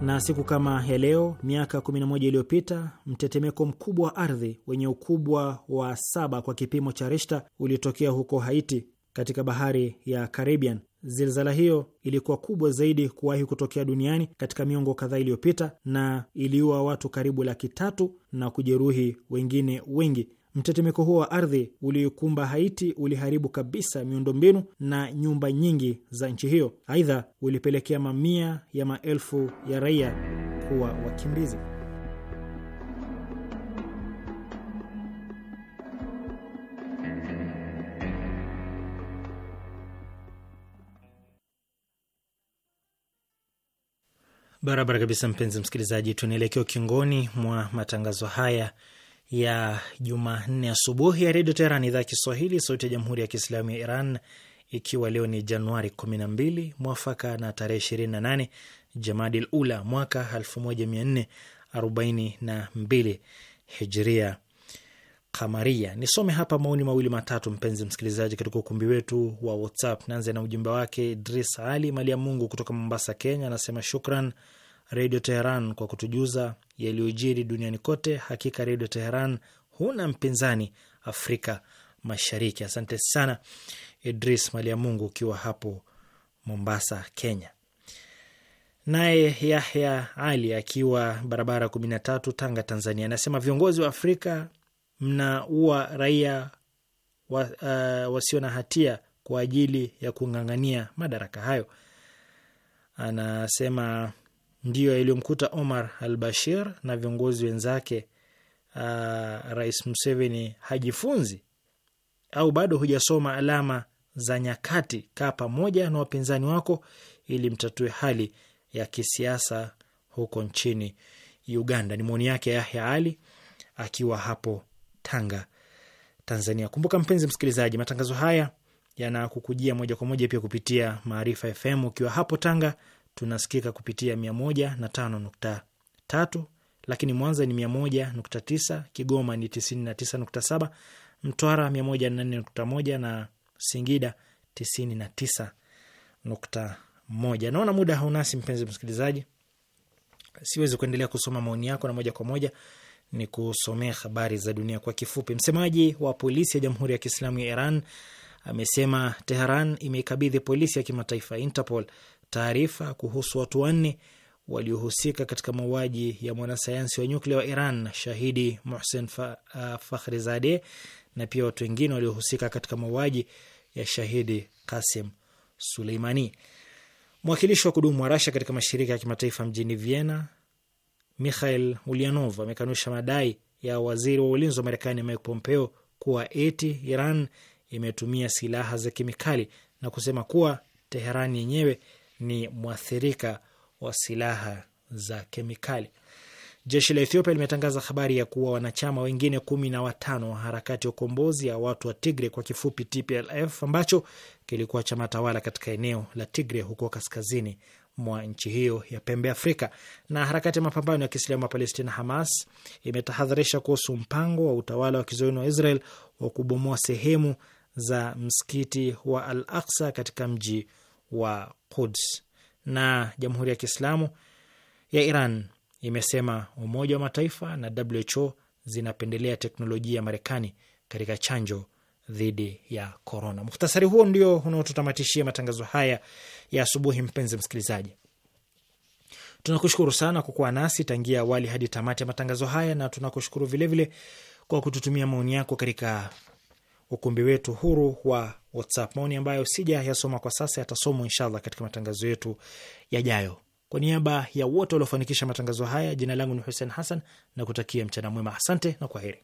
Na siku kama ya leo miaka 11 iliyopita mtetemeko mkubwa wa ardhi wenye ukubwa wa saba kwa kipimo cha rishta ulitokea huko Haiti katika bahari ya Caribbean. Zilzala hiyo ilikuwa kubwa zaidi kuwahi kutokea duniani katika miongo kadhaa iliyopita na iliua watu karibu laki tatu na kujeruhi wengine wengi. Mtetemeko huo wa ardhi uliokumba Haiti uliharibu kabisa miundombinu na nyumba nyingi za nchi hiyo. Aidha, ulipelekea mamia ya maelfu ya raia kuwa wakimbizi. Barabara kabisa, mpenzi msikilizaji, tunaelekea ukingoni mwa matangazo haya ya Jumanne asubuhi ya Redio Teheran, idhaa ya Kiswahili, sauti ya Jamhuri ya Kiislamu ya Iran, ikiwa leo ni Januari 12 mwafaka na tarehe 28 Jamadil Ula mwaka 1442 Hijria Kamaria. Nisome hapa maoni mawili matatu, mpenzi msikilizaji, katika ukumbi wetu wa WhatsApp. Naanze na ujumbe wake Idris Ali Mali ya Mungu kutoka Mombasa, Kenya. Anasema shukran Redio Teheran kwa kutujuza yaliyojiri duniani kote. Hakika Redio Teheran huna mpinzani Afrika Mashariki. Asante sana Idris Mali ya Mungu ukiwa hapo Mombasa, Kenya. Naye Yahya Ali akiwa barabara kumi na tatu, Tanga, Tanzania, anasema viongozi wa Afrika mnaua raia wa, uh, wasio na hatia kwa ajili ya kung'ang'ania madaraka hayo. Anasema ndiyo yaliyomkuta Omar al Bashir na viongozi wenzake. Uh, Rais Museveni hajifunzi au bado hujasoma alama za nyakati. Kaa pamoja na wapinzani wako ili mtatue hali ya kisiasa huko nchini Uganda. Ni maoni yake Yahya Ali akiwa hapo Tanga, Tanzania. Kumbuka mpenzi msikilizaji, matangazo haya yanakukujia moja kwa moja pia kupitia Maarifa FM. Ukiwa hapo Tanga tunasikika kupitia mia moja na tano nukta tatu, lakini Mwanza ni mia moja nukta tisa, Kigoma ni tisini na tisa nukta saba, Mtwara mia moja na nne nukta moja na Singida tisini na tisa nukta moja. Naona muda haunasi mpenzi msikilizaji, siwezi kuendelea kusoma maoni yako, na moja kwa moja ni kusomea habari za dunia kwa kifupi. Msemaji wa polisi ya Jamhuri ya Kiislamu ya Iran amesema Teheran imeikabidhi polisi ya kimataifa Interpol taarifa kuhusu watu wanne waliohusika katika mauaji ya mwanasayansi wa nyuklia wa Iran shahidi Mohsen uh, Fakhrizadeh na pia watu wengine waliohusika katika mauaji ya shahidi Kasim Suleimani. Mwakilishi wa kudumu wa Rasha katika mashirika ya kimataifa mjini Vienna Mikhail Ulyanov amekanusha madai ya waziri wa ulinzi wa Marekani Mike Pompeo kuwa eti Iran imetumia silaha za kemikali na kusema kuwa Teheran yenyewe ni mwathirika wa silaha za kemikali. Jeshi la Ethiopia limetangaza habari ya kuwa wanachama wengine kumi na watano wa harakati ya ukombozi ya watu wa Tigre kwa kifupi TPLF ambacho kilikuwa chama tawala katika eneo la Tigre huko kaskazini mwa nchi hiyo ya pembe Afrika. Na harakati ya mapambano ya Kiislamu ya Palestina, Hamas, imetahadharisha kuhusu mpango wa utawala wa kizayuni wa Israel wa kubomoa sehemu za msikiti wa Al Aksa katika mji wa Quds. Na Jamhuri ya Kiislamu ya Iran imesema Umoja wa Mataifa na WHO zinapendelea teknolojia ya Marekani katika chanjo dhidi ya korona. Muhtasari huo ndio unaotutamatishia matangazo haya ya asubuhi. Mpenzi msikilizaji, tunakushukuru sana kwa kuwa nasi tangia awali hadi tamati ya matangazo haya, na tunakushukuru vilevile kwa kututumia maoni yako katika ukumbi wetu huru wa WhatsApp, maoni ambayo sija yasoma kwa sasa yatasomwa inshallah katika matangazo yetu yajayo. Kwa niaba ya wote waliofanikisha matangazo haya, jina langu ni Hussein Hassan na kutakia mchana mwema. Asante na kwaheri.